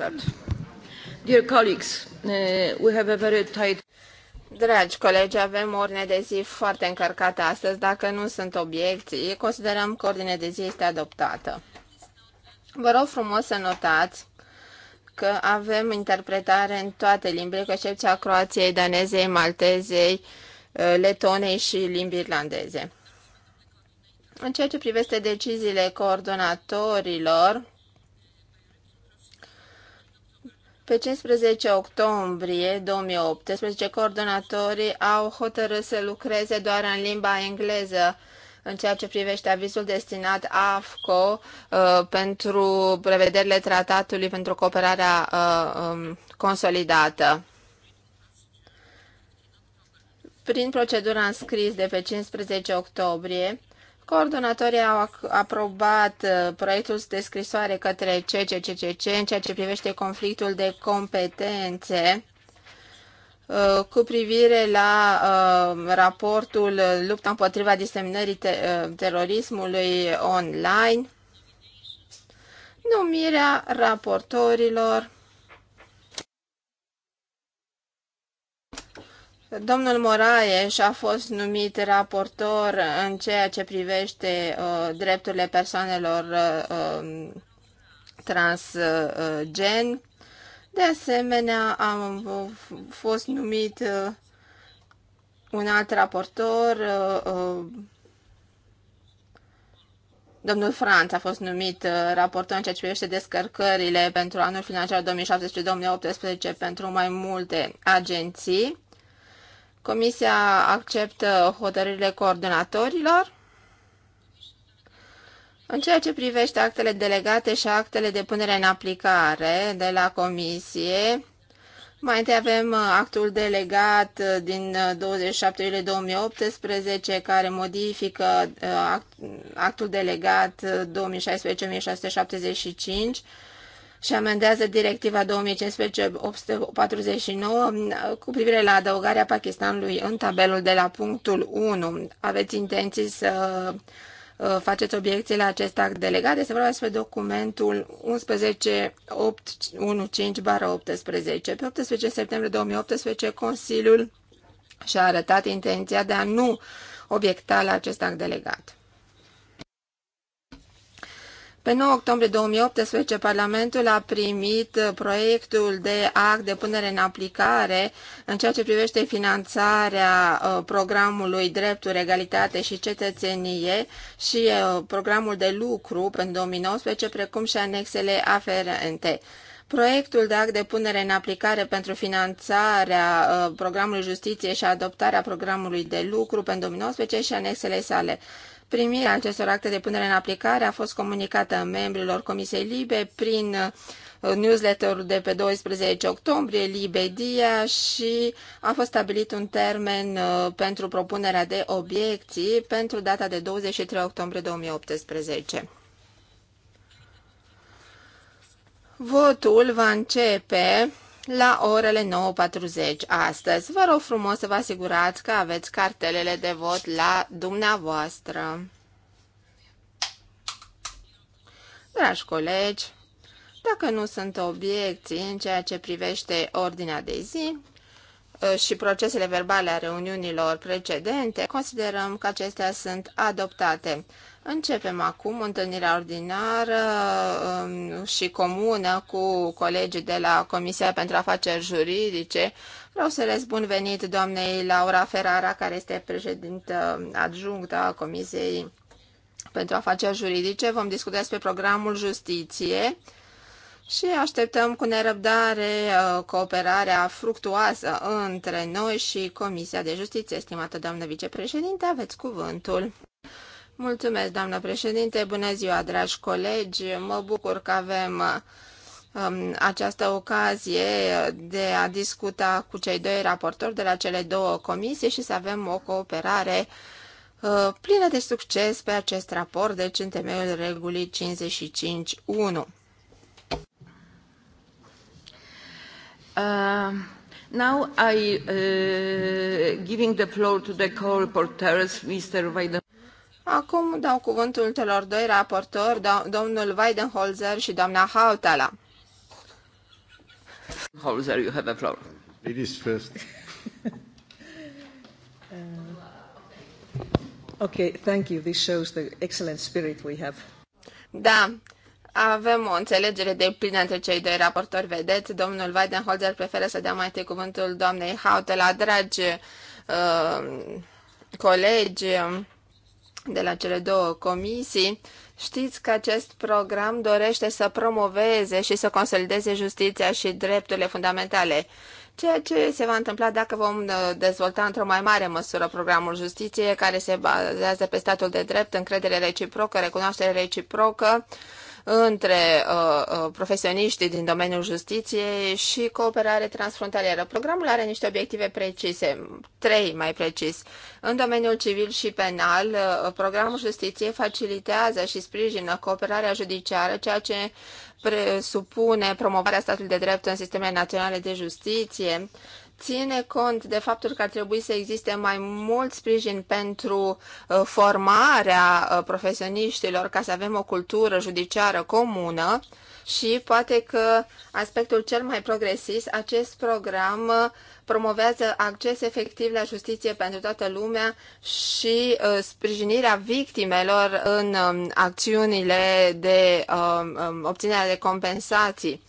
Eh, Dragi colegi, avem ordine de zi foarte încărcată astăzi. Dacă nu sunt obiecții, considerăm că ordine de zi este adoptată. Vă rog frumos să notați că avem interpretare în toate limbile, cu excepția Croației, Danezei, Maltezei, eh, Letonei și limbii irlandeze. În ceea ce privește deciziile coordonatorilor, Pe 15 octombrie 2018, coordonatorii au hotărât să lucreze doar în limba engleză în ceea ce privește avizul destinat AFCO uh, pentru prevederile tratatului pentru cooperarea uh, um, consolidată. Prin procedura înscris de pe 15 octombrie, Coordonatorii au aprobat uh, proiectul de scrisoare către CCCCC în ceea ce privește conflictul de competențe uh, cu privire la uh, raportul Lupta împotriva diseminării terorismului online, numirea raportorilor Domnul Moraes a fost numit raportor în ceea ce privește uh, drepturile persoanelor uh, um, transgen. De asemenea, am fost numit uh, un alt raportor, uh, uh Domnul Franț a fost numit uh, raportor în ceea ce privește descărcările pentru anul financiar 2017-2018 pentru mai multe agenții. Comisia acceptă hotărârile coordonatorilor. În ceea ce privește actele delegate și actele de punere în aplicare de la Comisie, mai întâi avem actul delegat din 27 iulie 2018 care modifică uh, actul delegat 2016 și amendează directiva 2015-849 mm, cu privire la adăugarea Pakistanului în tabelul de la punctul 1. Aveți intenții să uh, faceți obiecții la acest act delegat. Este vorba despre documentul 11815-18. Pe 18 septembrie 2018, Consiliul și-a arătat intenția de a nu obiecta la acest act delegat. Pe 9 octombrie 2018, Parlamentul a primit proiectul de act de punere în aplicare în ceea ce privește finanțarea uh, programului Drepturi, Egalitate și Cetățenie și uh, programul de lucru pentru 2019, precum și anexele aferente. Proiectul de act de punere în aplicare pentru finanțarea uh, programului justiție și adoptarea programului de lucru pentru 2019 și anexele sale. Primirea acestor acte de punere în aplicare a fost comunicată membrilor Comisiei Libe prin uh, newsletter de pe 12 octombrie, Libedia, și a fost stabilit un termen uh, pentru propunerea de obiecții pentru data de 23 octombrie 2018. Votul va începe la orele 9.40 astăzi. Vă rog frumos să vă asigurați că aveți cartelele de vot la dumneavoastră. Dragi colegi, dacă nu sunt obiecții în ceea ce privește ordinea de zi uh, și procesele verbale a reuniunilor precedente, considerăm că acestea sunt adoptate. Începem acum întâlnirea ordinară um, și comună cu colegii de la Comisia pentru Afaceri Juridice. Vreau să le spun venit doamnei Laura Ferrara, care este președintă adjunctă a Comisiei pentru Afaceri Juridice. Vom discuta despre programul Justiție și așteptăm cu nerăbdare uh, cooperarea fructuoasă între noi și Comisia de Justiție. Estimată doamnă vicepreședinte, aveți cuvântul. Mulțumesc, doamnă președinte. Bună ziua, dragi colegi. Mă bucur că avem um, această ocazie de a discuta cu cei doi raportori de la cele două comisii și să avem o cooperare uh, plină de succes pe acest raport, deci în temeiul regulii 55.1. Uh, now I uh, giving the floor to the co-reporters, Mr. Vaiden. Acum dau cuvântul celor doi raportori, domnul Weidenholzer și doamna Hautala. Holzer, you have a floor. Ladies first. uh, okay, thank you. This shows the excellent spirit we have. Da, avem o înțelegere de plină între cei doi raportori. Vedeți, domnul Weidenholzer preferă să dea mai întâi cuvântul doamnei Hautala. Dragi uh, colegi, de la cele două comisii, știți că acest program dorește să promoveze și să consolideze justiția și drepturile fundamentale, ceea ce se va întâmpla dacă vom uh, dezvolta într-o mai mare măsură programul justiției, care se bazează pe statul de drept, încredere reciprocă, recunoaștere reciprocă, între uh, uh, profesioniștii din domeniul justiției și cooperare transfrontalieră. Programul are niște obiective precise, trei mai precis. În domeniul civil și penal, uh, programul justiției facilitează și sprijină cooperarea judiciară, ceea ce presupune promovarea statului de drept în sistemele naționale de justiție, ține cont de faptul că ar trebui să existe mai mult sprijin pentru uh, formarea uh, profesioniștilor ca să avem o cultură judiciară comună și poate că aspectul cel mai progresist, acest program uh, promovează acces efectiv la justiție pentru toată lumea și sprijinirea victimelor în um, acțiunile de um, um, obținere de compensații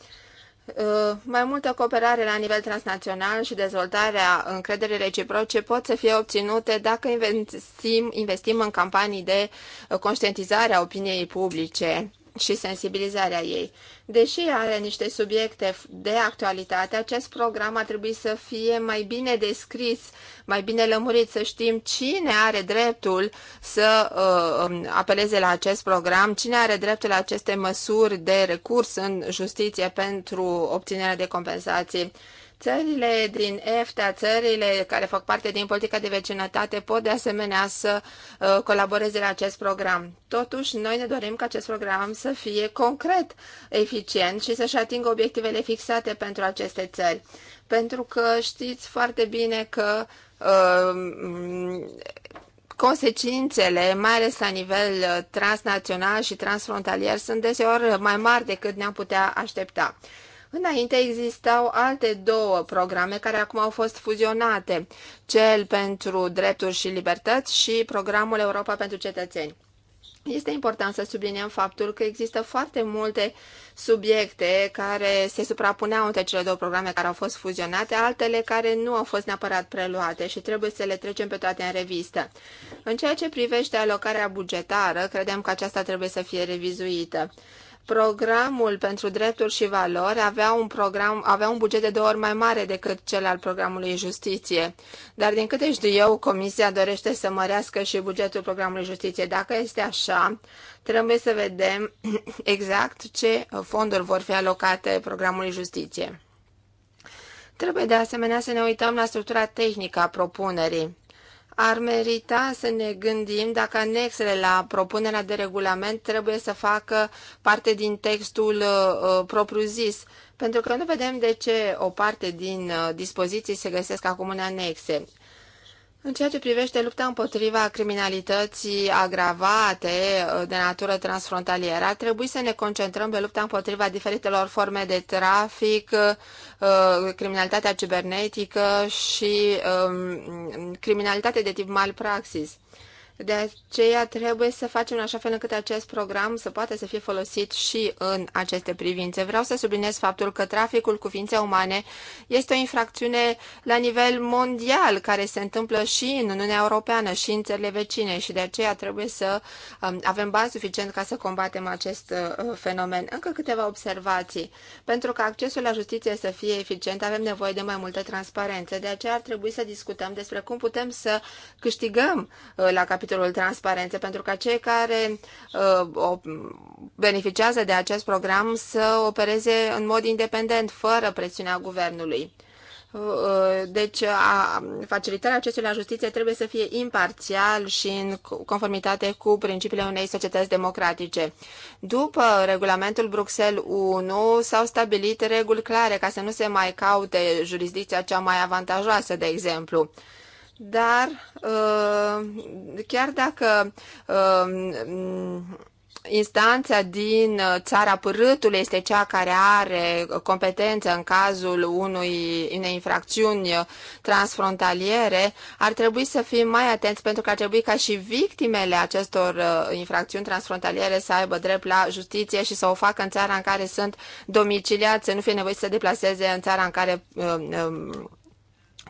Uh, mai multă cooperare la nivel transnațional și dezvoltarea încrederii reciproce pot să fie obținute dacă investim, investim în campanii de conștientizare a opiniei publice și sensibilizarea ei. Deși are niște subiecte de actualitate, acest program ar trebui să fie mai bine descris, mai bine lămurit, să știm cine are dreptul să uh, um, apeleze la acest program, cine are dreptul la aceste măsuri de recurs în justiție pentru obținerea de compensații Țările din EFTA, țările care fac parte din politica de vecinătate, pot de asemenea să uh, colaboreze la acest program. Totuși, noi ne dorim ca acest program să fie concret, eficient și să-și atingă obiectivele fixate pentru aceste țări. Pentru că știți foarte bine că uh, consecințele, mai ales la nivel uh, transnațional și transfrontalier, sunt deseori mai mari decât ne-am putea aștepta. Înainte existau alte două programe care acum au fost fuzionate, cel pentru drepturi și libertăți și programul Europa pentru cetățeni. Este important să subliniem faptul că există foarte multe subiecte care se suprapuneau între cele două programe care au fost fuzionate, altele care nu au fost neapărat preluate și trebuie să le trecem pe toate în revistă. În ceea ce privește alocarea bugetară, credem că aceasta trebuie să fie revizuită. Programul pentru drepturi și valori avea un, program, avea un buget de două ori mai mare decât cel al programului justiție. Dar din câte știu eu, Comisia dorește să mărească și bugetul programului justiție. Dacă este așa, trebuie să vedem exact ce fonduri vor fi alocate programului justiție. Trebuie de asemenea să ne uităm la structura tehnică a propunerii ar merita să ne gândim dacă anexele la propunerea de regulament trebuie să facă parte din textul uh, uh propriu-zis, pentru că nu vedem de ce o parte din uh, dispoziții se găsesc acum în anexe. În ceea ce privește lupta împotriva criminalității agravate uh, de natură transfrontalieră, ar trebui să ne concentrăm pe lupta împotriva diferitelor forme de trafic, uh, criminalitatea cibernetică și um, criminalitate de tip malpraxis. De aceea trebuie să facem în așa fel încât acest program să poată să fie folosit și în aceste privințe. Vreau să subliniez faptul că traficul cu ființe umane este o infracțiune la nivel mondial care se întâmplă și în Uniunea Europeană și în țările vecine și de aceea trebuie să um, avem bani suficient ca să combatem acest uh, fenomen. Încă câteva observații. Pentru că accesul la justiție să fie eficient, avem nevoie de mai multă transparență. De aceea ar trebui să discutăm despre cum putem să câștigăm uh, la capitolul capitolul transparență, pentru ca cei care uh, o, beneficiază de acest program să opereze în mod independent, fără presiunea guvernului. Uh, deci, uh, facilitarea accesului la justiție trebuie să fie imparțial și în conformitate cu principiile unei societăți democratice. După regulamentul Bruxelles 1 s-au stabilit reguli clare ca să nu se mai caute jurisdicția cea mai avantajoasă, de exemplu dar uh, chiar dacă uh, instanța din uh, țara părâtului este cea care are competență în cazul unui, unei infracțiuni transfrontaliere, ar trebui să fim mai atenți pentru că ar trebui ca și victimele acestor infracțiuni transfrontaliere să aibă drept la justiție și să o facă în țara în care sunt domiciliați, să nu fie nevoie să se deplaseze în țara în care uh, uh,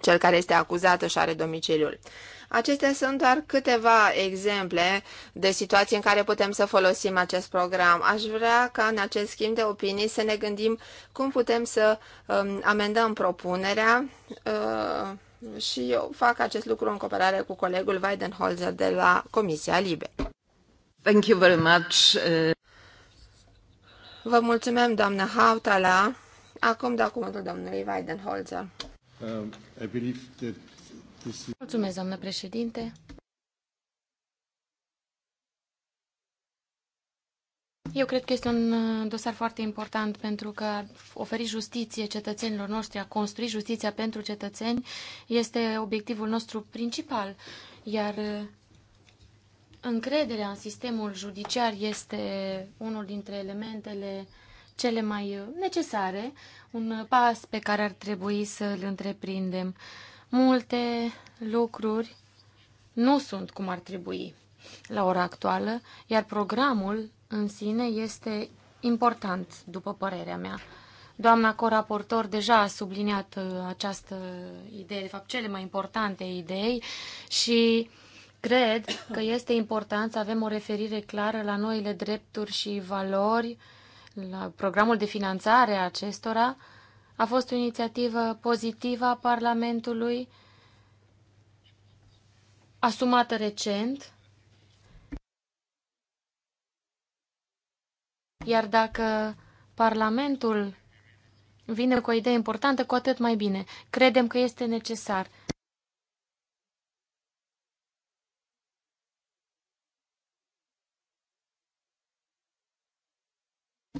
cel care este acuzat își are domiciliul. Acestea sunt doar câteva exemple de situații în care putem să folosim acest program. Aș vrea ca în acest schimb de opinii să ne gândim cum putem să um, amendăm propunerea uh, și eu fac acest lucru în cooperare cu colegul Weidenholzer de la Comisia Libe. Thank you very much. Uh, Vă mulțumim, doamnă Hautala. Acum dau cuvântul domnului Weidenholzer. Um, I believe that this is... Mulțumesc, doamnă președinte. Eu cred că este un uh, dosar foarte important pentru că a oferi justiție cetățenilor noștri, a construi justiția pentru cetățeni este obiectivul nostru principal, iar uh, încrederea în sistemul judiciar este unul dintre elementele uh, cele mai uh, necesare, un uh, pas pe care ar trebui să îl întreprindem. Multe lucruri nu sunt cum ar trebui la ora actuală, iar programul în sine este important, după părerea mea. Doamna coraportor deja a subliniat uh, această idee, de fapt cele mai importante idei și cred că este important să avem o referire clară la noile drepturi și valori uh, la programul de finanțare a acestora, a fost o inițiativă pozitivă a Parlamentului, asumată recent, iar dacă Parlamentul vine cu o idee importantă, cu atât mai bine. Credem că este necesar –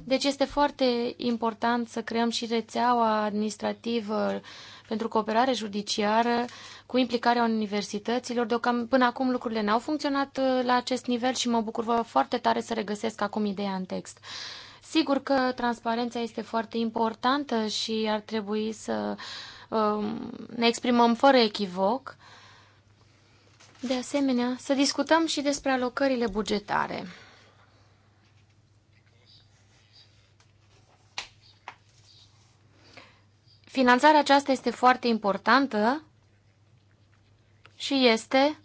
Deci este foarte important să creăm și rețeaua administrativă pentru cooperare judiciară cu implicarea universităților. Deocam, până acum lucrurile n-au funcționat uh, la acest nivel și mă bucur foarte tare să regăsesc acum ideea în text. Sigur că transparența este foarte importantă și ar trebui să um, ne exprimăm fără echivoc. De asemenea, să discutăm și despre alocările bugetare. Finanțarea aceasta este foarte importantă și este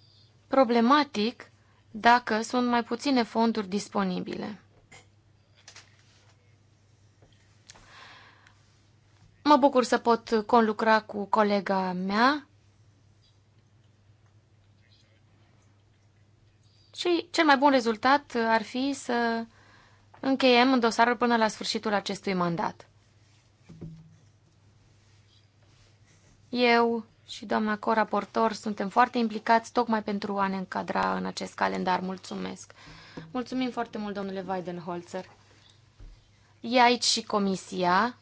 problematic dacă sunt mai puține fonduri disponibile. Mă bucur să pot conlucra cu colega mea și cel mai bun rezultat ar fi să încheiem dosarul până la sfârșitul acestui mandat. Eu și doamna coraportor suntem foarte implicați tocmai pentru a ne încadra în acest calendar. Mulțumesc! Mulțumim foarte mult, domnule Weidenholzer. E aici și comisia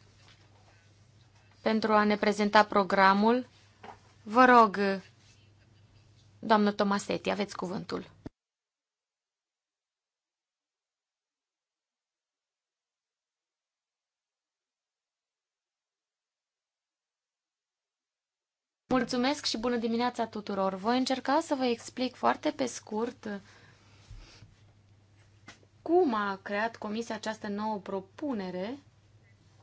pentru a ne prezenta programul. Vă rog, doamnă Tomasetti, aveți cuvântul. Mulțumesc și bună dimineața tuturor! Voi încerca să vă explic foarte pe scurt cum a creat Comisia această nouă propunere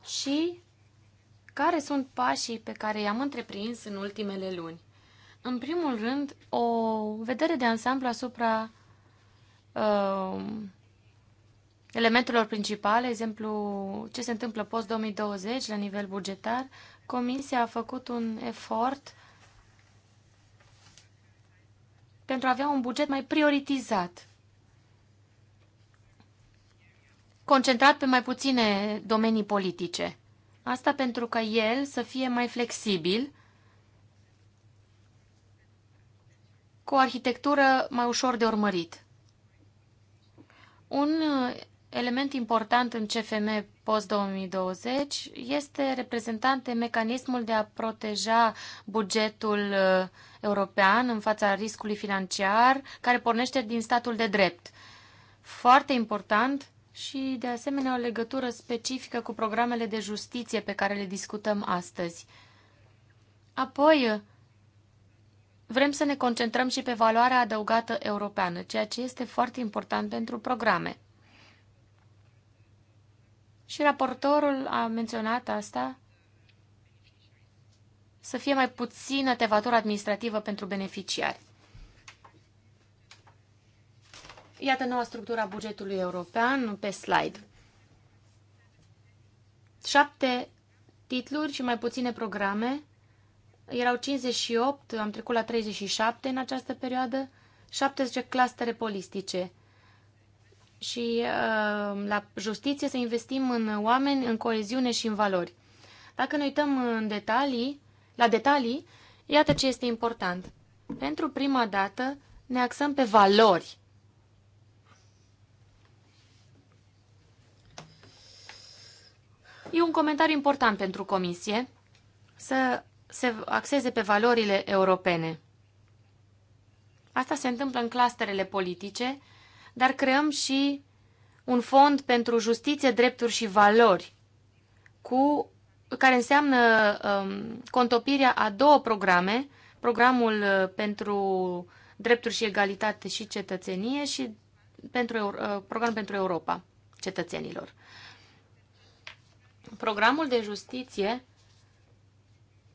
și care sunt pașii pe care i-am întreprins în ultimele luni. În primul rând, o vedere de ansamblu asupra uh, elementelor principale, exemplu ce se întâmplă post-2020 la nivel bugetar, Comisia a făcut un efort pentru a avea un buget mai prioritizat, concentrat pe mai puține domenii politice. Asta pentru ca el să fie mai flexibil, cu o arhitectură mai ușor de urmărit. Un element important în CFM post-2020 este reprezentat de mecanismul de a proteja bugetul uh, european în fața riscului financiar care pornește din statul de drept. Foarte important și, de asemenea, o legătură specifică cu programele de justiție pe care le discutăm astăzi. Apoi, uh, vrem să ne concentrăm și pe valoarea adăugată europeană, ceea ce este foarte important pentru programe. Și raportorul a menționat asta, să fie mai puțină tevatură administrativă pentru beneficiari. Iată noua structură a bugetului european pe slide. Șapte titluri și mai puține programe. Erau 58, am trecut la 37 în această perioadă, 70 clastere polistice și uh, la justiție să investim în oameni, în coeziune și în valori. Dacă ne uităm în detalii, la detalii, iată ce este important. Pentru prima dată ne axăm pe valori. E un comentariu important pentru Comisie să se axeze pe valorile europene. Asta se întâmplă în clusterele politice, dar creăm și un fond pentru justiție, drepturi și valori, cu, care înseamnă um, contopirea a două programe, programul uh, pentru drepturi și egalitate și cetățenie și pentru, uh, program pentru Europa cetățenilor. Programul de justiție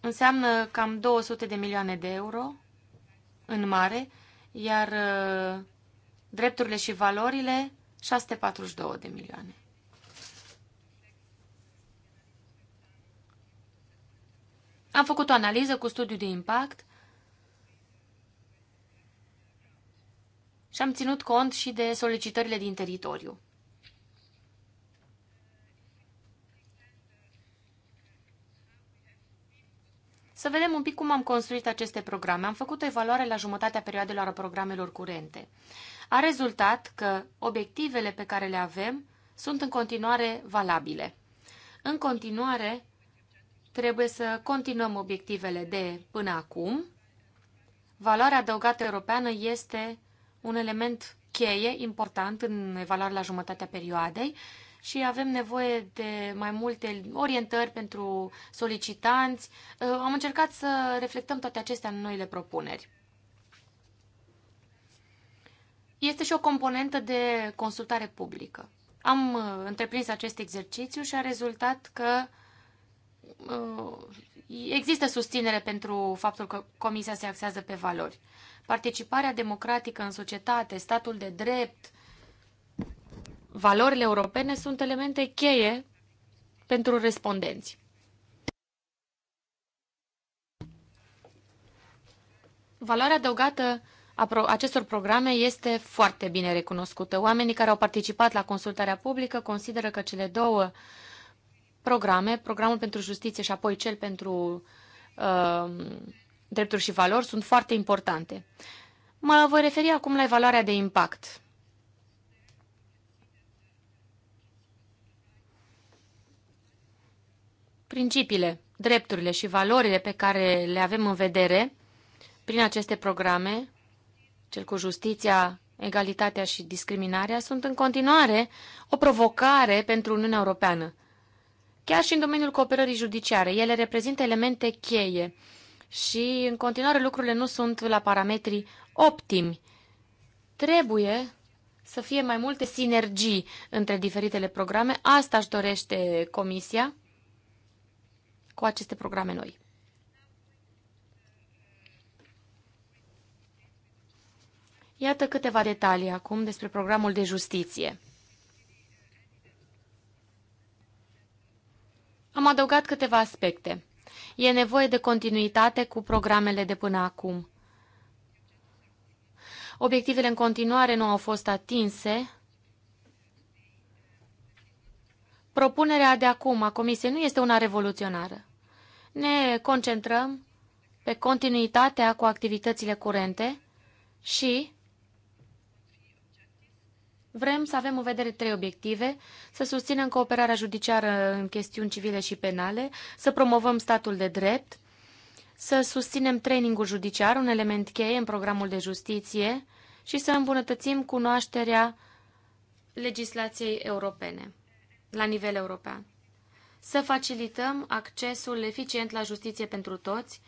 înseamnă cam 200 de milioane de euro în mare, iar uh, drepturile și valorile, 642 de milioane. Am făcut o analiză cu studiu de impact și am ținut cont și de solicitările din teritoriu. Să vedem un pic cum am construit aceste programe. Am făcut o evaluare la jumătatea perioadelor a programelor curente a rezultat că obiectivele pe care le avem sunt în continuare valabile. În continuare, trebuie să continuăm obiectivele de până acum. Valoarea adăugată europeană este un element cheie important în evaluarea la jumătatea perioadei și avem nevoie de mai multe orientări pentru solicitanți. Am încercat să reflectăm toate acestea în noile propuneri este și o componentă de consultare publică. Am uh, întreprins acest exercițiu și a rezultat că uh, există susținere pentru faptul că Comisia se axează pe valori. Participarea democratică în societate, statul de drept, valorile europene sunt elemente cheie pentru respondenți. Valoarea adăugată acestor programe este foarte bine recunoscută. Oamenii care au participat la consultarea publică consideră că cele două programe, programul pentru justiție și apoi cel pentru uh, drepturi și valori, sunt foarte importante. Mă voi referi acum la evaluarea de impact. Principiile, drepturile și valorile pe care le avem în vedere prin aceste programe cel cu justiția, egalitatea și discriminarea, sunt în continuare o provocare pentru Uniunea Europeană. Chiar și în domeniul cooperării judiciare, ele reprezintă elemente cheie și în continuare lucrurile nu sunt la parametrii optimi. Trebuie să fie mai multe sinergii între diferitele programe. Asta își dorește Comisia cu aceste programe noi. Iată câteva detalii acum despre programul de justiție. Am adăugat câteva aspecte. E nevoie de continuitate cu programele de până acum. Obiectivele în continuare nu au fost atinse. Propunerea de acum a Comisiei nu este una revoluționară. Ne concentrăm pe continuitatea cu activitățile curente și Vrem să avem în vedere trei obiective, să susținem cooperarea judiciară în chestiuni civile și penale, să promovăm statul de drept, să susținem trainingul judiciar, un element cheie în programul de justiție, și să îmbunătățim cunoașterea legislației europene, la nivel european. Să facilităm accesul eficient la justiție pentru toți,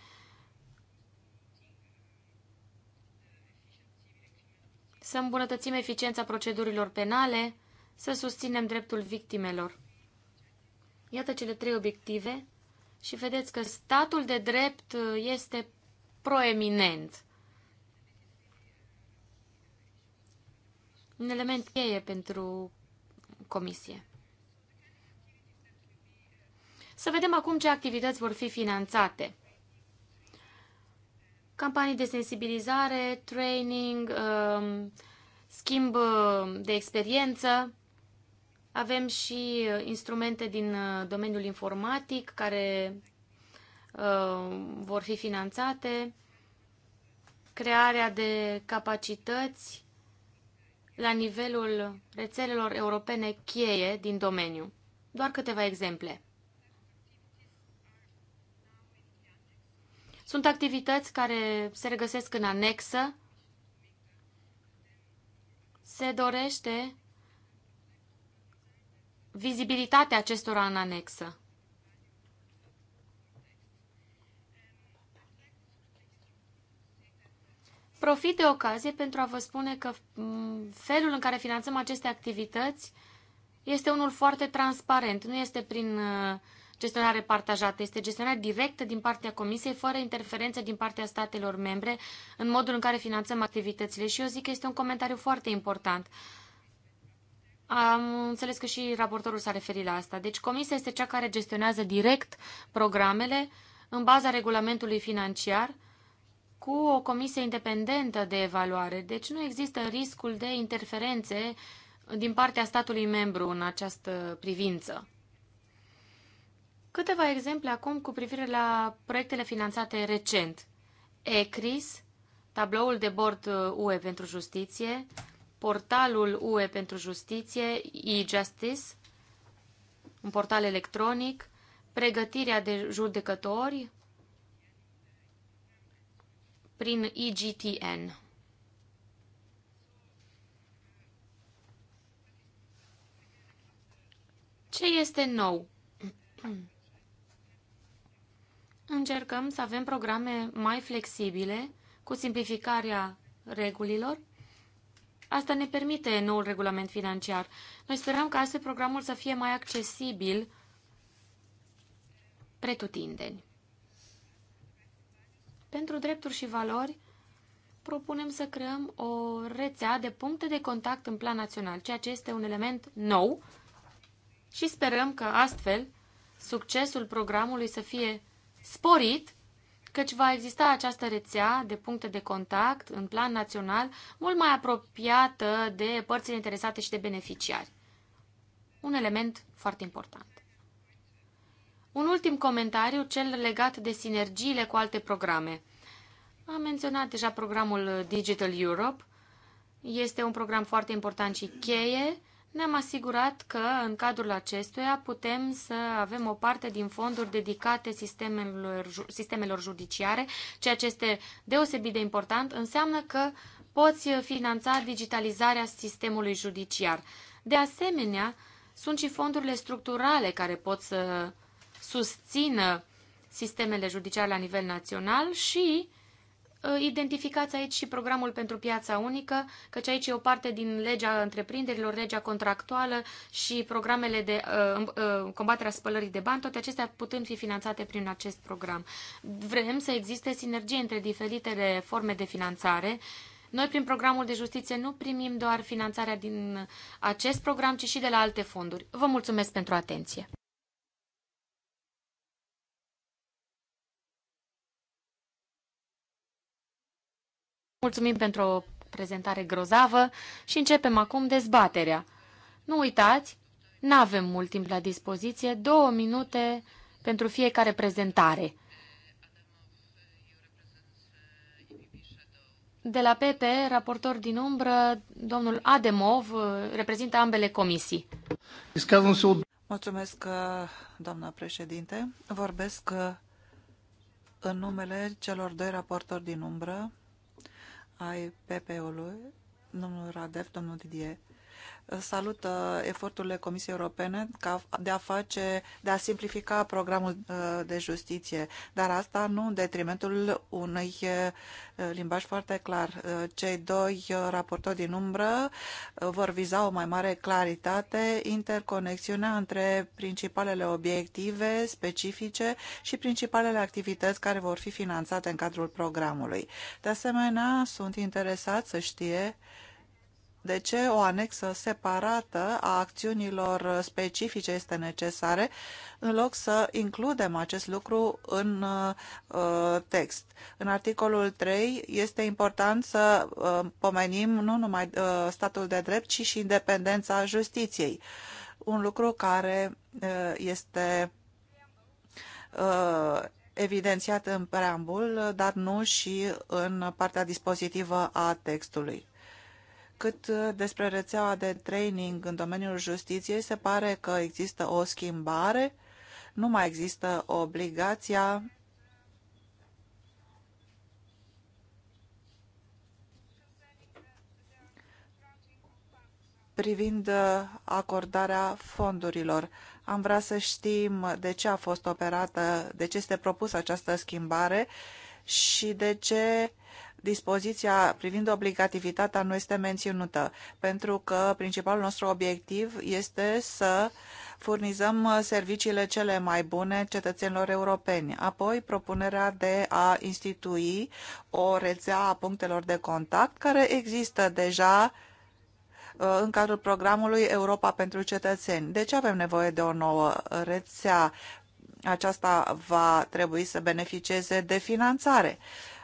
să îmbunătățim eficiența procedurilor penale, să susținem dreptul victimelor. Iată cele trei obiective și vedeți că statul de drept uh, este proeminent. Un element cheie pentru comisie. Să vedem acum ce activități vor fi finanțate campanii de sensibilizare, training, um, schimb uh, de experiență. Avem și uh, instrumente din uh, domeniul informatic care vor fi finanțate, crearea de capacități la nivelul rețelelor europene cheie din domeniu. Doar câteva exemple. Sunt activități care se regăsesc în anexă. Se dorește vizibilitatea acestora în anexă. Profit de ocazie pentru a vă spune că felul în care finanțăm aceste activități este unul foarte transparent. Nu este prin uh, gestionare partajată. Este gestionarea directă din partea Comisiei, fără interferență din partea statelor membre, în modul în care finanțăm activitățile. Și eu zic că este un comentariu foarte important. Am înțeles că și raportorul s-a referit la asta. Deci Comisia este cea care gestionează direct programele în baza regulamentului financiar, cu o comisie independentă de evaluare, deci nu există riscul de interferențe din partea statului membru în această privință. Câteva exemple acum cu privire la proiectele finanțate recent. ECRIS, tabloul de bord UE uh, pentru justiție, portalul UE pentru justiție, e-justice, un portal electronic, pregătirea de judecători prin EGTN. Ce este nou? încercăm să avem programe mai flexibile cu simplificarea regulilor. Asta ne permite noul regulament financiar. Noi sperăm că astfel programul să fie mai accesibil pretutindeni. Pentru drepturi și valori, propunem să creăm o rețea de puncte de contact în plan național, ceea ce este un element nou și sperăm că astfel succesul programului să fie sporit, căci va exista această rețea de puncte de contact în plan național mult mai apropiată de părțile interesate și de beneficiari. Un element foarte important. Un ultim comentariu, cel legat de sinergiile cu alte programe. Am menționat deja programul Digital Europe. Este un program foarte important și cheie ne-am asigurat că, în cadrul acestuia, putem să avem o parte din fonduri dedicate sistemelor, sistemelor judiciare, ceea ce este deosebit de important, înseamnă că poți finanța digitalizarea sistemului judiciar. De asemenea, sunt și fondurile structurale care pot să susțină sistemele judiciare la nivel național și Ă, identificați aici și programul pentru piața unică, căci aici e o parte din legea întreprinderilor, legea contractuală și programele de ă, ă, combaterea spălării de bani, toate acestea putând fi finanțate prin acest program. Vrem să existe sinergie între diferitele forme de finanțare. Noi, prin programul de justiție, nu primim doar finanțarea din acest program, ci și de la alte fonduri. Vă mulțumesc pentru atenție! Mulțumim pentru o prezentare grozavă și începem acum dezbaterea. Nu uitați, nu avem mult timp la dispoziție, două minute pentru fiecare prezentare. De la PP, raportor din umbră, domnul Ademov reprezintă ambele comisii. Mulțumesc, doamna președinte. Vorbesc în numele celor doi raportori din umbră ai PP-ului, domnul Radev, domnul Didier salută eforturile Comisiei Europene de a face, de a simplifica programul uh, de justiție, dar asta nu în detrimentul unui uh, limbaj foarte clar. Uh, cei doi raportori din umbră vor viza o mai mare claritate, interconexiunea între principalele obiective specifice și principalele activități care vor fi finanțate în cadrul programului. De asemenea, sunt interesat să știe de ce o anexă separată a acțiunilor specifice este necesară, în loc să includem acest lucru în uh, text. În articolul 3 este important să uh, pomenim nu numai uh, statul de drept, ci și independența justiției. Un lucru care uh, este uh, evidențiat în preambul, dar nu și în partea dispozitivă a textului cât uh, despre rețeaua de training în domeniul justiției, se pare că există o schimbare, nu mai există obligația privind uh, acordarea fondurilor. Am vrea să știm de ce a fost operată, de ce este propusă această schimbare și de ce dispoziția privind obligativitatea nu este menținută, pentru că principalul nostru obiectiv este să furnizăm uh, serviciile cele mai bune cetățenilor europeni. Apoi, propunerea de a institui o rețea a punctelor de contact care există deja uh, în cadrul programului Europa pentru cetățeni. De ce avem nevoie de o nouă rețea aceasta va trebui să beneficieze de finanțare.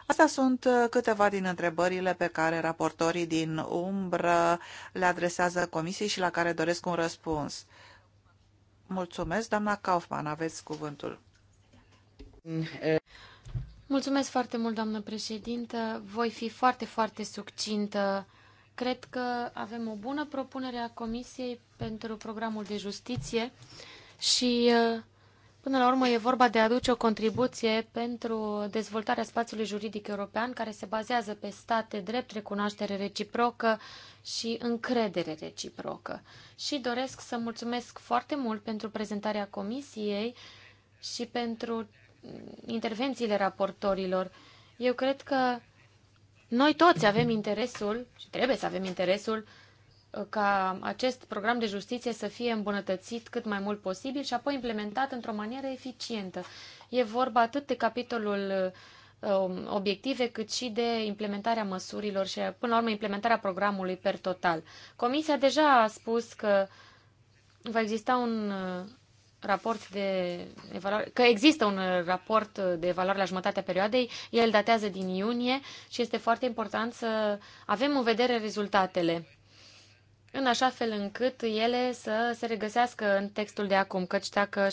Astea sunt uh, câteva din întrebările pe care raportorii din umbră le adresează comisiei și la care doresc un răspuns. Mulțumesc, doamna Kaufman, aveți cuvântul. Mulțumesc foarte mult, doamnă președintă. Voi fi foarte, foarte succintă. Cred că avem o bună propunere a Comisiei pentru programul de justiție și uh, Până la urmă, e vorba de a aduce o contribuție pentru dezvoltarea spațiului juridic european, care se bazează pe state drept, recunoaștere reciprocă și încredere reciprocă. Și doresc să mulțumesc foarte mult pentru prezentarea comisiei și pentru intervențiile raportorilor. Eu cred că noi toți avem interesul și trebuie să avem interesul ca acest program de justiție să fie îmbunătățit cât mai mult posibil și apoi implementat într-o manieră eficientă. E vorba atât de capitolul um, obiective, cât și de implementarea măsurilor și, până la urmă, implementarea programului per total. Comisia deja a spus că va exista un uh, raport de evaluare, că există un uh, raport de evaluare la jumătatea perioadei, el datează din iunie și este foarte important să avem în vedere rezultatele în așa fel încât ele să se regăsească în textul de acum, căci dacă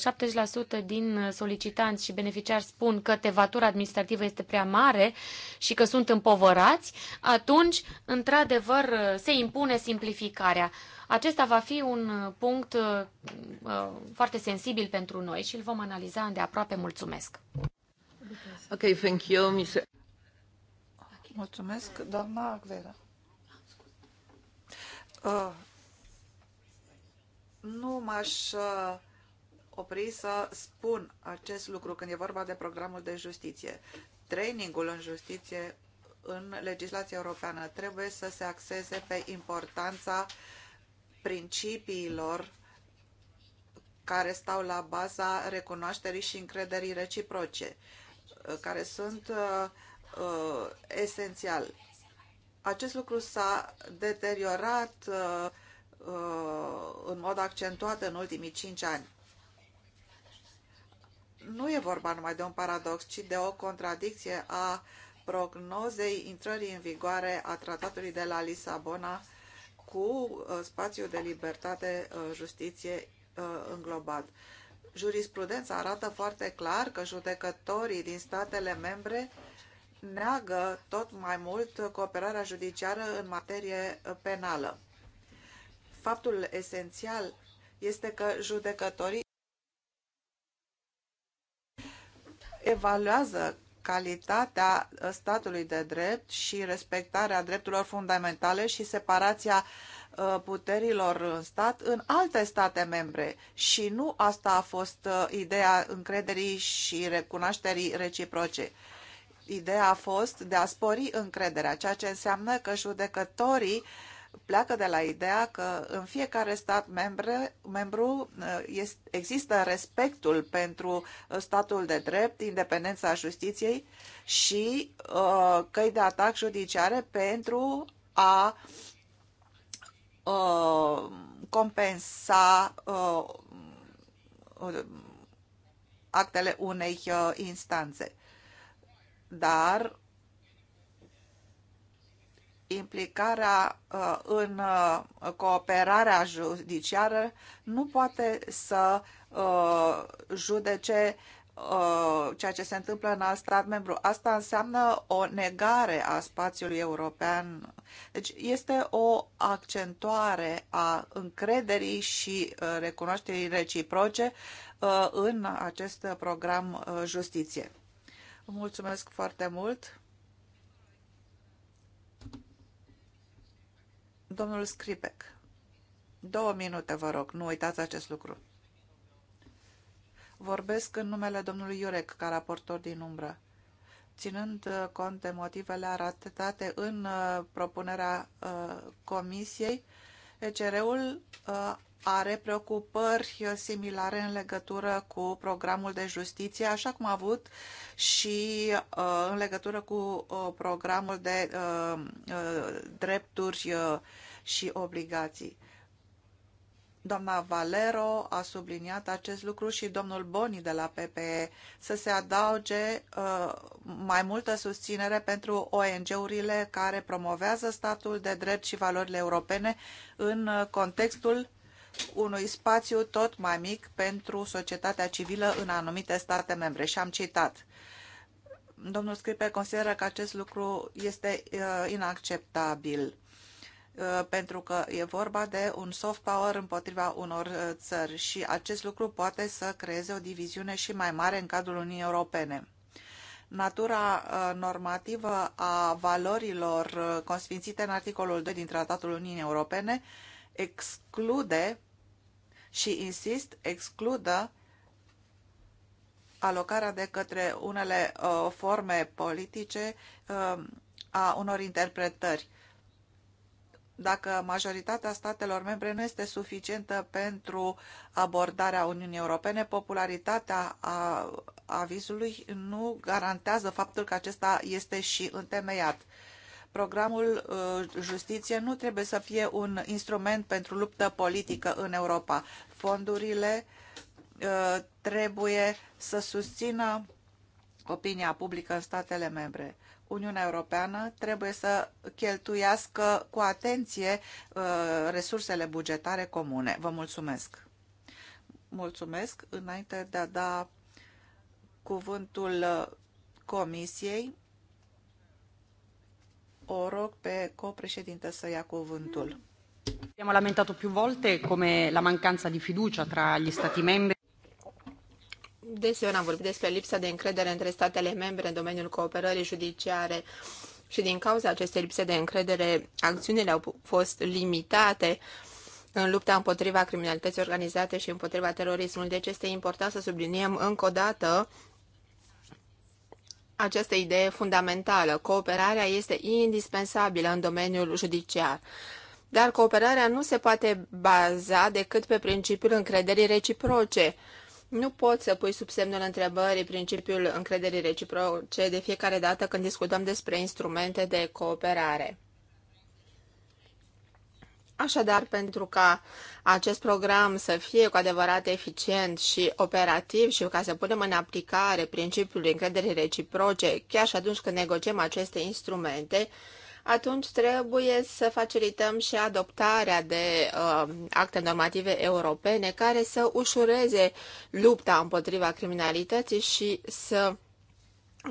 70% din solicitanți și beneficiari spun că tevatura administrativă este prea mare și că sunt împovărați, atunci, într-adevăr, se impune simplificarea. Acesta va fi un punct uh, foarte sensibil pentru noi și îl vom analiza îndeaproape. Mulțumesc! Ok, thank you, Mr. Mulțumesc, doamna Agvera. Uh, nu m-aș uh, opri să spun acest lucru când e vorba de programul de justiție. Trainingul în justiție în legislația europeană trebuie să se axeze pe importanța principiilor care stau la baza recunoașterii și încrederii reciproce, uh, care sunt uh, esențial acest lucru s-a deteriorat uh, uh, în mod accentuat în ultimii cinci ani. Nu e vorba numai de un paradox, ci de o contradicție a prognozei intrării în vigoare a tratatului de la Lisabona cu uh, spațiul de libertate, uh, justiție uh, înglobat. Jurisprudența arată foarte clar că judecătorii din statele membre uh, neagă tot mai mult cooperarea judiciară în materie penală. Faptul esențial este că judecătorii evaluează calitatea statului de drept și respectarea drepturilor fundamentale și separația uh, puterilor în stat în alte state membre și nu asta a fost uh, ideea încrederii și recunoașterii reciproce. Ideea a fost de a spori încrederea, ceea ce înseamnă că judecătorii pleacă de la ideea că în fiecare stat membre, membru uh, este, există respectul pentru uh, statul de drept, independența justiției și uh, căi de atac judiciare pentru a uh, compensa uh, actele unei uh, instanțe dar implicarea uh, în uh, cooperarea judiciară nu poate să uh, judece ceea ce se întâmplă în alt stat membru. Asta înseamnă o negare a spațiului european. Deci este o accentuare a încrederii și recunoașterii reciproce în acest program justiție. Mulțumesc foarte mult. Domnul Scripec, două minute, vă rog, nu uitați acest lucru. Vorbesc în numele domnului Iurec, ca raportor din umbră, ținând uh, cont de motivele arătate în uh, propunerea uh, comisiei, ECR-ul are preocupări similare în legătură cu programul de justiție, așa cum a avut și uh, în legătură cu uh, programul de uh, uh drepturi uh, și obligații. Doamna Valero a subliniat acest lucru și domnul Boni de la PPE să se adauge uh, mai multă susținere pentru ONG-urile care promovează statul de drept și valorile europene în contextul unui spațiu tot mai mic pentru societatea civilă în anumite state membre. Și am citat. Domnul Scripe consideră că acest lucru este uh, inacceptabil uh, pentru că e vorba de un soft power împotriva unor uh, țări și acest lucru poate să creeze o diviziune și mai mare în cadrul Uniunii Europene. Natura uh, normativă a valorilor consfințite în articolul 2 din Tratatul Uniunii Europene exclude și insist, excludă alocarea de către unele uh, forme politice uh, a unor interpretări. Dacă majoritatea statelor membre nu este suficientă pentru abordarea Uniunii Europene, popularitatea a avizului nu garantează faptul că acesta este și întemeiat. Uh, programul uh, justiție nu trebuie să fie un instrument pentru luptă politică în Europa. Fondurile uh, trebuie să susțină opinia publică în statele membre. Uniunea Europeană trebuie să cheltuiască cu atenție uh, resursele bugetare comune. Vă mulțumesc! Mulțumesc! Înainte de a da cuvântul Comisiei, o rog pe copreședintă să ia cuvântul. Abbiamo lamentato più volte come la mancanza di fiducia tra gli stati membri. Deseori am vorbit despre lipsa de încredere între statele membre în domeniul cooperării judiciare și din cauza acestei lipse de încredere, acțiunile au fost limitate în lupta împotriva criminalității organizate și împotriva terorismului. Deci este important să subliniem încă o dată această idee fundamentală. Cooperarea este indispensabilă în domeniul judiciar. Dar cooperarea nu se poate baza decât pe principiul încrederii reciproce. Nu poți să pui sub semnul întrebării principiul încrederii reciproce de fiecare dată când discutăm despre instrumente de cooperare. Așadar, pentru ca acest program să fie cu adevărat eficient și operativ și ca să punem în aplicare principiul încrederii reciproce, chiar și atunci când negociem aceste instrumente, atunci trebuie să facilităm și adoptarea de uh, acte normative europene care să ușureze lupta împotriva criminalității și să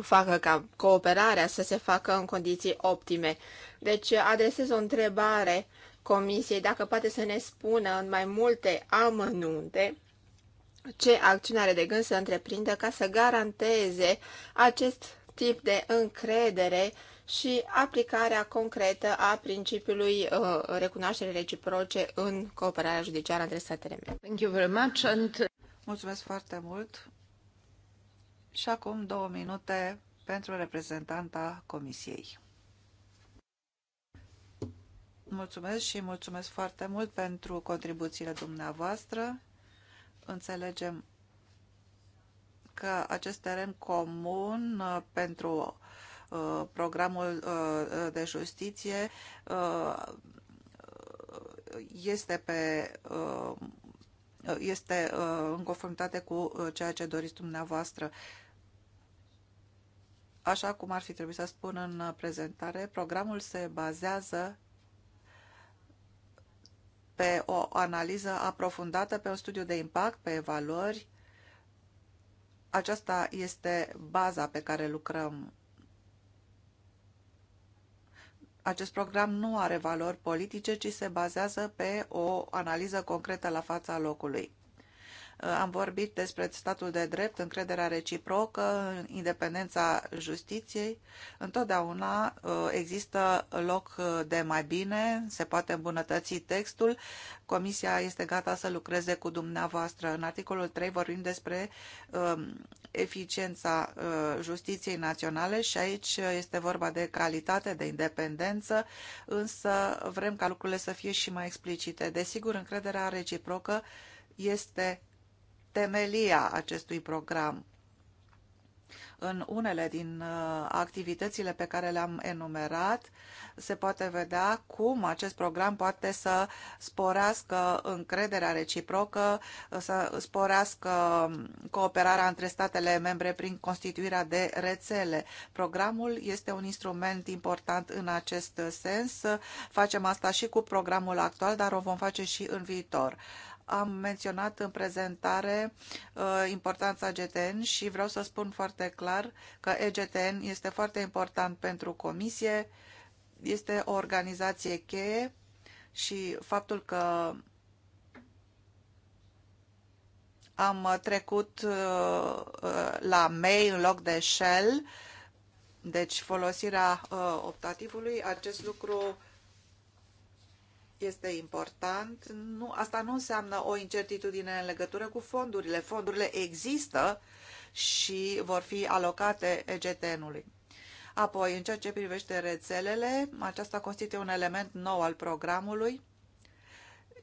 facă ca cooperarea să se facă în condiții optime. Deci adresez o întrebare uh, Comisiei dacă poate să ne spună în mai multe amănunte ce acțiune are de gând să întreprindă ca să garanteze acest tip de încredere și aplicarea concretă a principiului uh, recunoașterii reciproce în cooperarea judiciară între statele membre. Thank you very much and... Mulțumesc foarte mult. Și acum două minute pentru reprezentanta Comisiei. Mulțumesc și mulțumesc foarte mult pentru contribuțiile dumneavoastră. Înțelegem că acest teren comun uh, pentru uh, programul uh, de justiție este pe este în conformitate cu ceea ce doriți dumneavoastră. Așa cum ar fi trebuit să spun în prezentare, programul se bazează pe o analiză aprofundată, pe un studiu de impact, pe evaluări. Aceasta este baza pe care lucrăm. Acest program nu are valori politice, ci se bazează pe o analiză concretă la fața locului. Uh, am vorbit despre statul de drept, încrederea reciprocă, independența justiției. Întotdeauna uh, există loc uh, de mai bine, se poate îmbunătăți textul. Comisia este gata să lucreze cu dumneavoastră. În articolul 3 vorbim despre um, eficiența justiției naționale și aici este vorba de calitate, de independență, însă vrem ca lucrurile să fie și mai explicite. Desigur, încrederea reciprocă este temelia acestui program. În unele din uh, activitățile pe care le-am enumerat, se poate vedea cum acest program poate să sporească încrederea reciprocă, să sporească cooperarea între statele membre prin constituirea de rețele. Programul este un instrument important în acest sens. Facem asta și cu programul actual, dar o vom face și în viitor. Am menționat în prezentare uh, importanța GTN și vreau să spun foarte clar că EGTN este foarte important pentru comisie, este o organizație cheie și faptul că am trecut uh, uh la mail în loc de Shell, deci folosirea uh, optativului, acest lucru este important. Nu, asta nu înseamnă o incertitudine în legătură cu fondurile. Fondurile există și vor fi alocate EGTN-ului. Apoi, în ceea ce privește rețelele, aceasta constituie un element nou al programului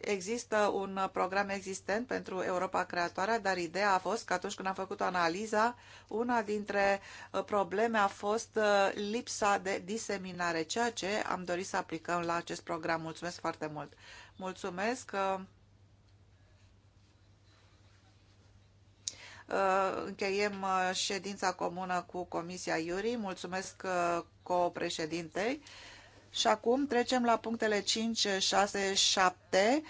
Există un program existent pentru Europa Creatoare, dar ideea a fost că atunci când am făcut analiza, una dintre uh, probleme a fost uh, lipsa de diseminare, ceea ce am dorit să aplicăm la acest program. Mulțumesc foarte mult! Mulțumesc! Uh, încheiem ședința comună cu Comisia Iuri. Mulțumesc copreședintei. președintei și acum trecem la punctele 5, 6, 7,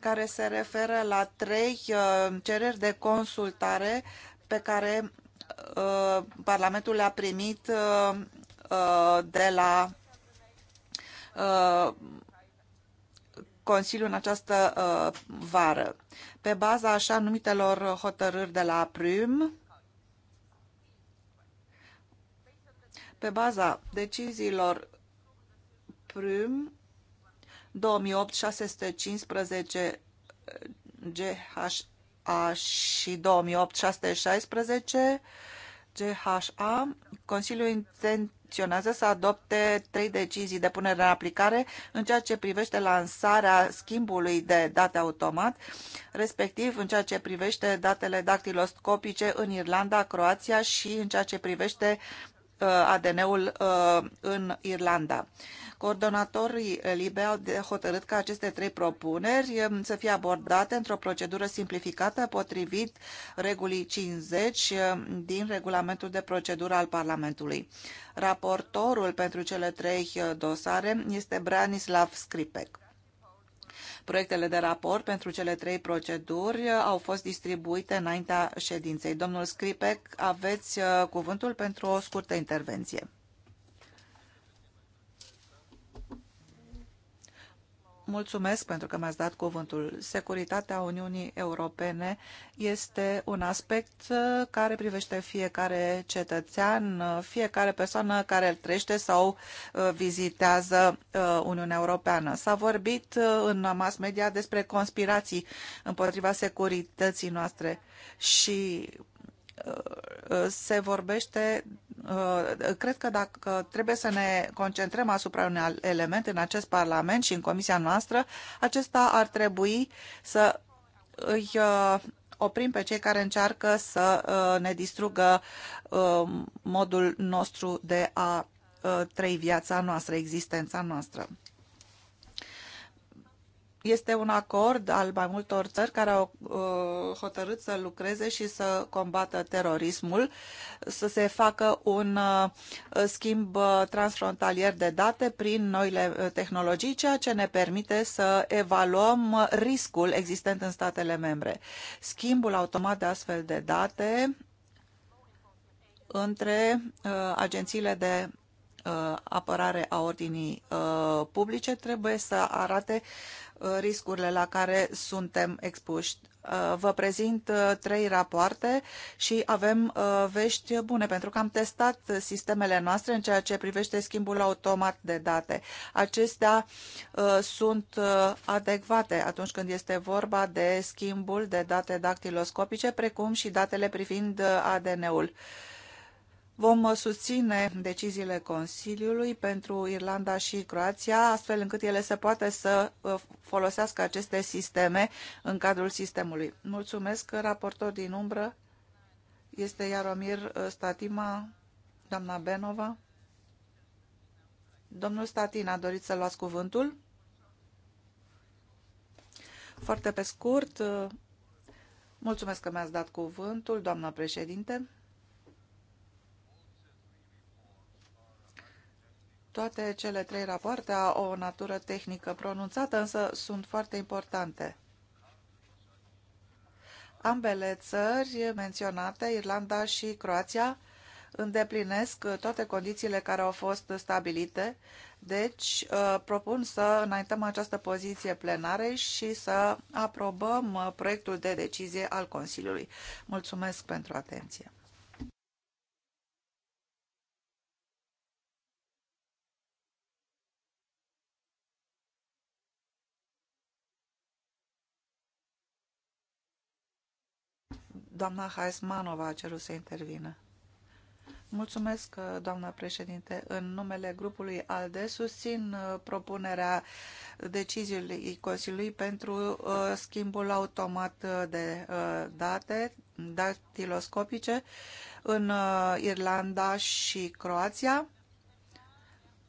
care se referă la trei uh, cereri de consultare pe care uh, Parlamentul le-a primit uh, de la Consiliul în această vară. Pe baza așa numitelor hotărâri de la prim, pe baza deciziilor Prüm 2008 615 GHA și 2008 616 GHA, Consiliul intenționează să adopte trei decizii de punere în aplicare în ceea ce privește lansarea schimbului de date automat, respectiv în ceea ce privește datele dactiloscopice în Irlanda, Croația și în ceea ce privește Uh, ADN-ul uh, în Irlanda. Coordonatorii LIBE au hotărât ca aceste trei propuneri um, să fie abordate într-o procedură simplificată potrivit regulii 50 um, din regulamentul de procedură al Parlamentului. Raportorul pentru cele trei uh, dosare este Branislav Scripec. Proiectele de raport pentru cele trei proceduri uh, au fost distribuite înaintea ședinței. Domnul Scripec, aveți uh, cuvântul pentru o scurtă intervenție. Mulțumesc pentru că mi-ați dat cuvântul. Securitatea Uniunii Europene este un aspect uh, care privește fiecare cetățean, uh, fiecare persoană care trăiește sau uh, vizitează Uniunea Europeană. S-a vorbit în mass media despre conspirații împotriva securității noastre și se vorbește, uh, cred că dacă trebuie să ne concentrăm asupra unui element în acest Parlament și în comisia noastră, acesta ar trebui să îi uh, oprim pe cei care încearcă să uh, ne distrugă modul nostru de a trăi viața noastră, existența noastră. Este un acord al mai multor țări care au uh, hotărât să lucreze și să combată terorismul, să se facă un uh, schimb uh, transfrontalier de date prin noile uh, tehnologii, ceea ce ne permite să evaluăm riscul existent în statele membre. Schimbul automat de astfel de date între uh, agențiile de uh, apărare a ordinii publice trebuie să arate Uh, riscurile la care suntem expuși. Uh, vă prezint uh, trei rapoarte și avem vești bune, pentru că am testat sistemele noastre în ceea ce privește schimbul automat de date. Acestea sunt adecvate atunci când este vorba de schimbul de date dactiloscopice, precum și datele privind ADN-ul. Vom uh, susține deciziile Consiliului pentru Irlanda și Croația, astfel încât ele să poată să uh, folosească aceste sisteme în cadrul sistemului. Mulțumesc, raportor din umbră este Iaromir uh, Statima, doamna Benova. Domnul a dorit să luați cuvântul? Foarte pe scurt, mulțumesc că mi-ați dat cuvântul, doamna președinte. Toate cele trei rapoarte au o natură tehnică pronunțată, însă sunt foarte importante. Ambele țări menționate, Irlanda și Croația, îndeplinesc toate condițiile care au fost stabilite, deci uh, propun să înaintăm această poziție plenare și să aprobăm uh, proiectul de decizie al Consiliului. Mulțumesc pentru atenție. Doamna Haismanova a cerut să intervină. Mulțumesc, uh, doamna președinte. În numele grupului ALDE susțin uh, propunerea deciziului Consiliului pentru uh, schimbul automat de date datiloscopice în Irlanda și Croația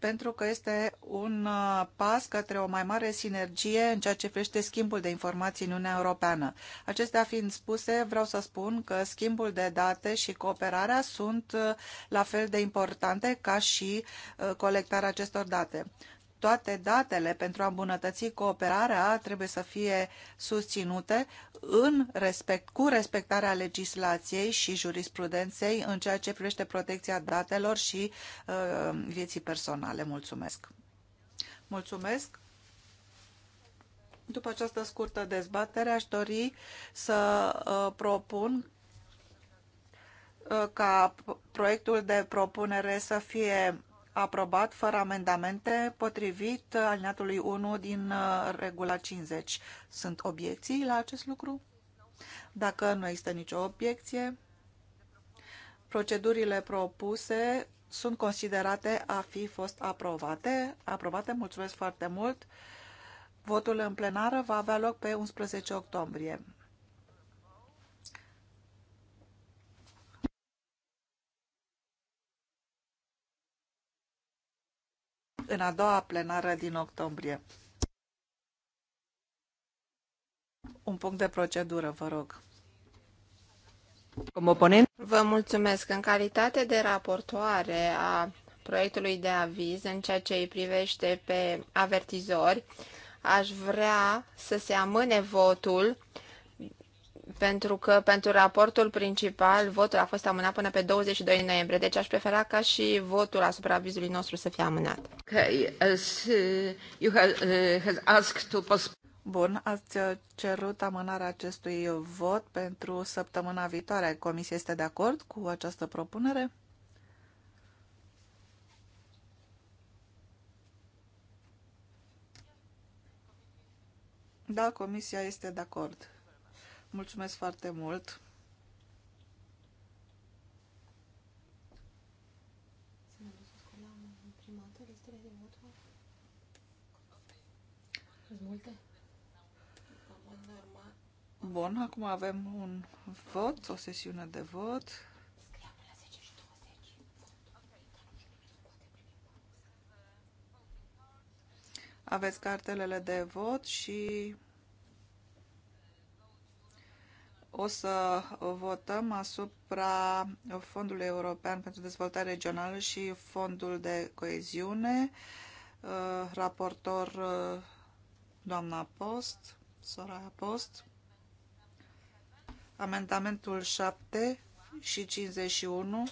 pentru că este un uh, pas către o mai mare sinergie în ceea ce privește schimbul de informații în Uniunea Europeană. Acestea fiind spuse, vreau să spun că schimbul de date și cooperarea sunt uh, la fel de importante ca și uh, colectarea acestor date toate datele pentru a îmbunătăți cooperarea trebuie să fie susținute în respect, cu respectarea legislației și jurisprudenței în ceea ce privește protecția datelor și uh, vieții personale. Mulțumesc! Mulțumesc! După această scurtă dezbatere aș dori să uh, propun uh, ca proiectul de propunere să fie aprobat fără amendamente potrivit alineatului 1 din uh, regula 50. Sunt obiecții la acest lucru? Dacă nu există nicio obiecție, procedurile propuse sunt considerate a fi fost aprobate. Aprobate, mulțumesc foarte mult. Votul în plenară va avea loc pe 11 octombrie. în a doua plenară din octombrie. Un punct de procedură, vă rog. Vă mulțumesc. În calitate de raportoare a proiectului de aviz în ceea ce îi privește pe avertizori, aș vrea să se amâne votul pentru că pentru raportul principal votul a fost amânat până pe 22 noiembrie, deci aș prefera ca și votul asupra avizului nostru să fie amânat. Okay, as uh, you have, uh, asked to postpone. Bun, ați uh, cerut amânarea acestui vot pentru săptămâna viitoare. Comisia este de acord cu această propunere? Da, Comisia este de acord. Mulțumesc foarte mult! Bun, acum avem un vot, o sesiune de vot. Aveți cartelele de vot și o să votăm asupra Fondului European pentru Dezvoltare Regională și Fondul de Coeziune. Uh, raportor uh, doamna Post, sora Post. Amendamentul 7 și 51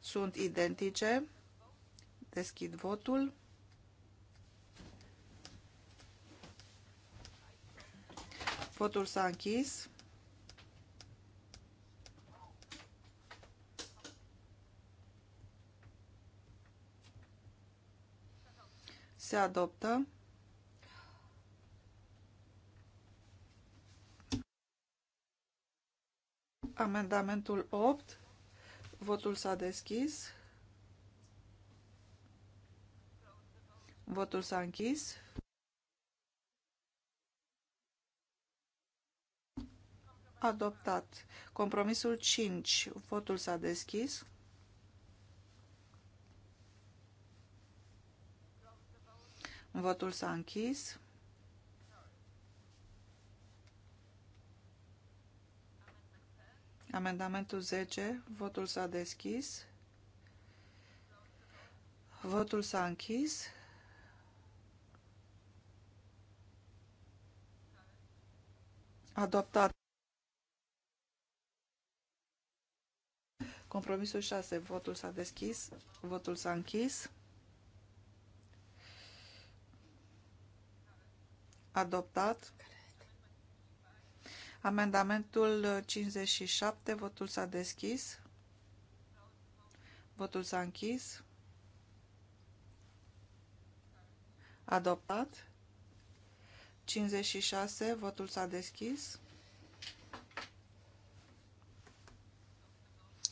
sunt identice. Deschid votul. Votul s-a închis. se adoptă. Amendamentul 8, votul s-a deschis. Votul s-a închis. Adoptat. Compromisul 5. Votul s-a deschis. Votul s-a închis. Amendamentul 10. Votul s-a deschis. Votul s-a închis. Adoptat. Compromisul 6. Votul s-a deschis. Votul s-a închis. adoptat. Amendamentul 57, votul s-a deschis. Votul s-a închis. Adoptat. 56, votul s-a deschis.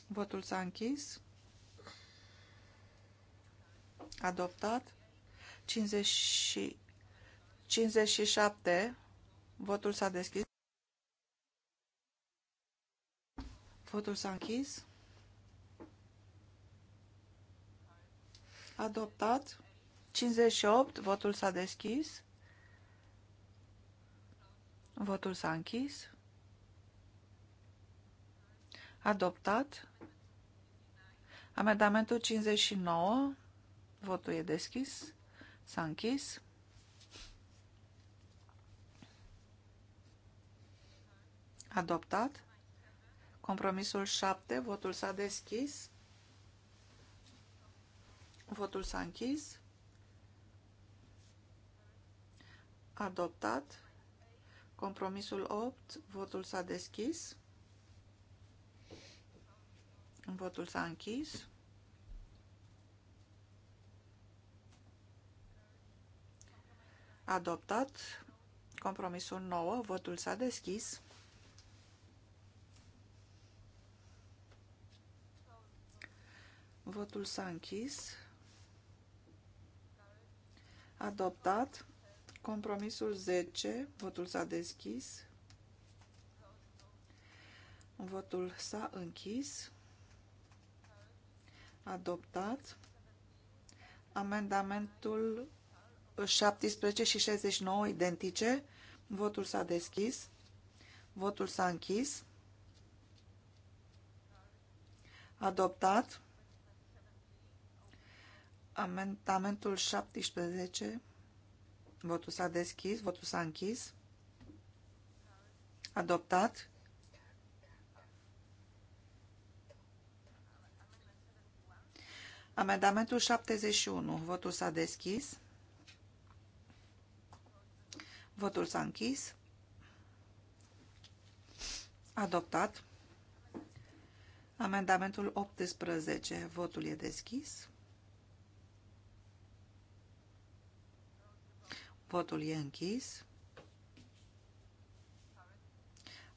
Votul s-a închis. Adoptat. 50 57. Votul s-a deschis. Votul s-a închis. Adoptat. 58. Votul s-a deschis. Votul s-a închis. Adoptat. Amendamentul 59. Votul e deschis. S-a închis. Adoptat. Compromisul 7. Votul s-a deschis. Votul s-a închis. Adoptat. Compromisul 8. Votul s-a deschis. Votul s-a închis. Adoptat. Compromisul 9. Votul s-a deschis. Votul s-a închis. Adoptat. Compromisul 10. Votul s-a deschis. Votul s-a închis. Adoptat. Amendamentul 17 și 69 identice. Votul s-a deschis. Votul s-a închis. Adoptat. Amendamentul 17. Votul s-a deschis, votul s-a închis. Adoptat. Amendamentul 71. Votul s-a deschis. Votul s-a închis. Adoptat. Amendamentul 18. Votul e deschis. Votul e închis.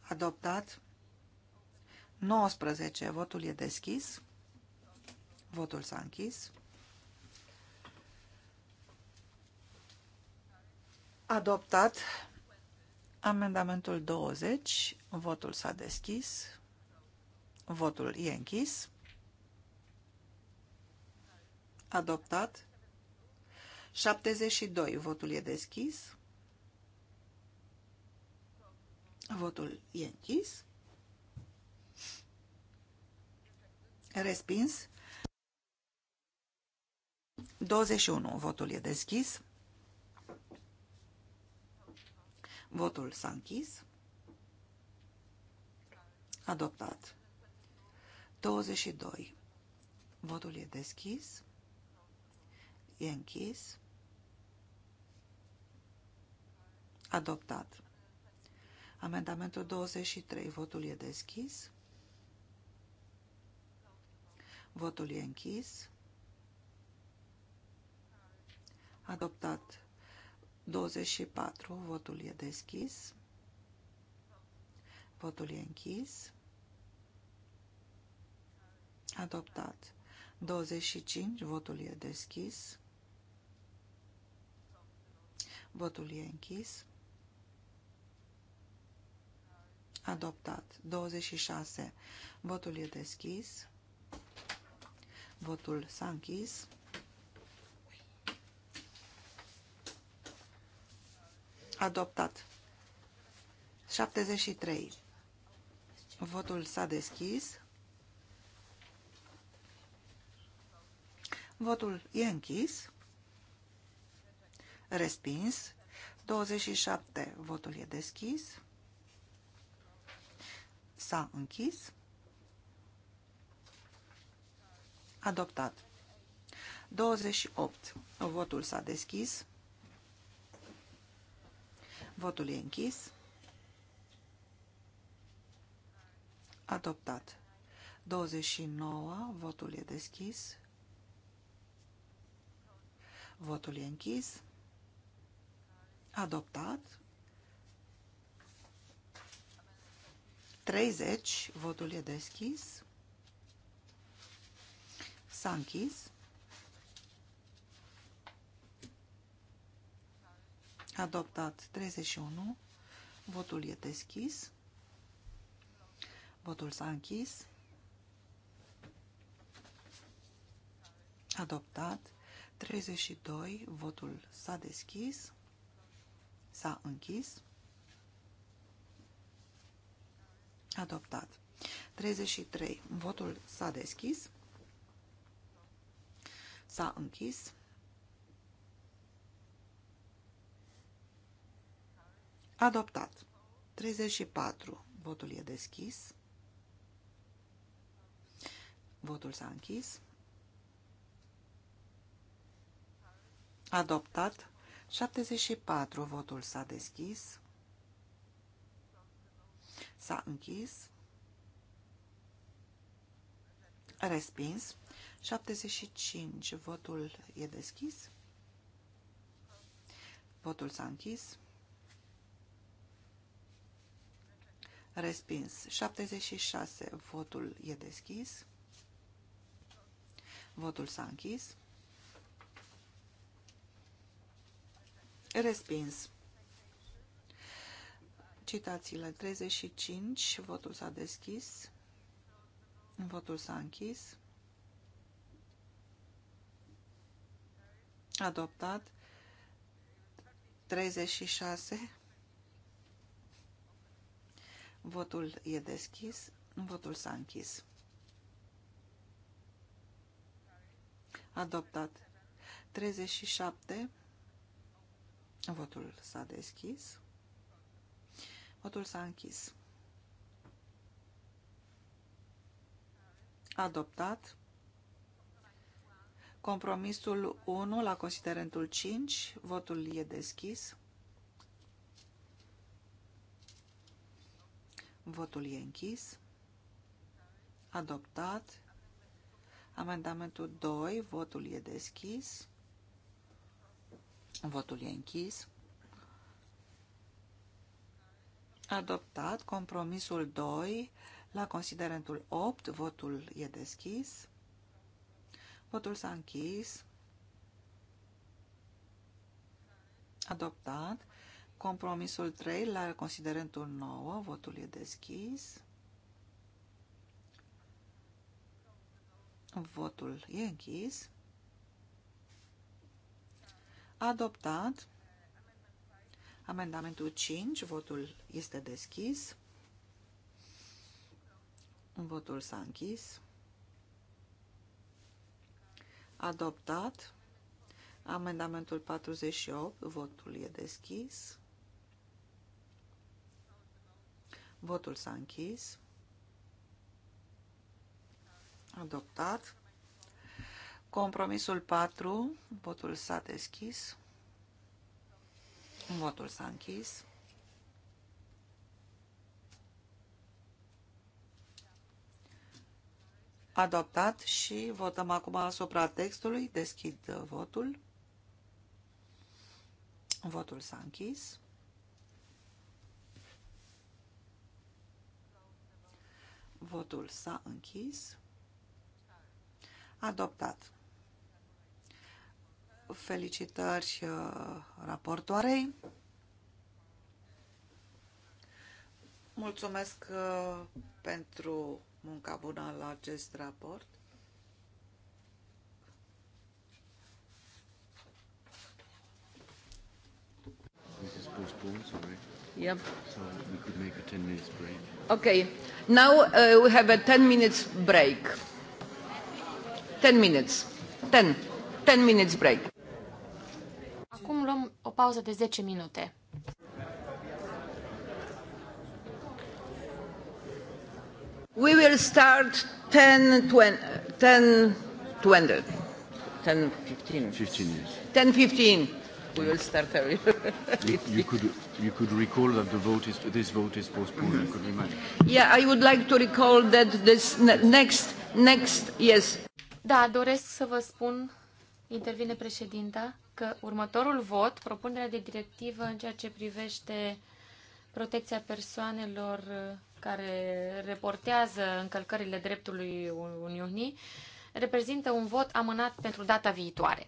Adoptat. 19. Votul e deschis. Votul s-a închis. Adoptat. Amendamentul 20. Votul s-a deschis. Votul e închis. Adoptat. 72. Votul e deschis. Votul e închis. Respins. 21. Votul e deschis. Votul s-a închis. Adoptat. 22. Votul e deschis. E închis. Adoptat. Amendamentul 23. Votul e deschis. Votul e închis. Adoptat. 24. Votul e deschis. Votul e închis. Adoptat. 25. Votul e deschis. Votul e închis. adoptat. 26. Votul e deschis. Votul s-a închis. Adoptat. 73. Votul s-a deschis. Votul e închis. Respins. 27. Votul e deschis. S-a închis. Adoptat. 28. Votul s-a deschis. Votul e închis. Adoptat. 29. Votul e deschis. Votul e închis. Adoptat. 30, votul e deschis. S-a închis. Adoptat 31, votul e deschis. Votul s-a închis. Adoptat 32, votul s-a deschis. S-a închis. Adoptat. 33. Votul s-a deschis. S-a închis. Adoptat. 34. Votul e deschis. Votul s-a închis. Adoptat. 74. Votul s-a deschis. S-a închis. Respins. 75. Votul e deschis. Votul s-a închis. Respins. 76. Votul e deschis. Votul s-a închis. Respins. Citațiile 35, votul s-a deschis, votul s-a închis, adoptat, 36, votul e deschis, votul s-a închis. Adoptat. 37. Votul s-a deschis. Votul s-a închis. Adoptat. Compromisul 1 la considerentul 5. Votul e deschis. Votul e închis. Adoptat. Amendamentul 2. Votul e deschis. Votul e închis. Adoptat. Compromisul 2 la considerentul 8. Votul e deschis. Votul s-a închis. Adoptat. Compromisul 3 la considerentul 9. Votul e deschis. Votul e închis. Adoptat. Amendamentul 5, votul este deschis. Votul s-a închis. Adoptat. Amendamentul 48, votul e deschis. Votul s-a închis. Adoptat. Compromisul 4, votul s-a deschis. Votul s-a închis. Adoptat și votăm acum asupra textului. Deschid uh, votul. Votul s-a închis. Votul s-a închis. Adoptat. Felicitări uh, raportoarei. Mulțumesc uh, pentru munca bună la acest raport. Yep. So we could make a 10 minutes break. Okay. Now uh, we have a 10 minutes break. 10 minutes. 10. 10 minutes break. Acum luăm o pauză de 10 minute. We will start 10, 20, 10, 20, 10, 15. 15 years. 10, 15. We will start early. you, you could you could recall that the vote is this vote is postponed. Mm Could remind. Yeah, I would like to recall that this next next yes. Da, doresc să vă spun, intervine președinta, că următorul vot, propunerea de directivă în ceea ce privește protecția persoanelor care reportează încălcările dreptului Uniunii, reprezintă un vot amânat pentru data viitoare.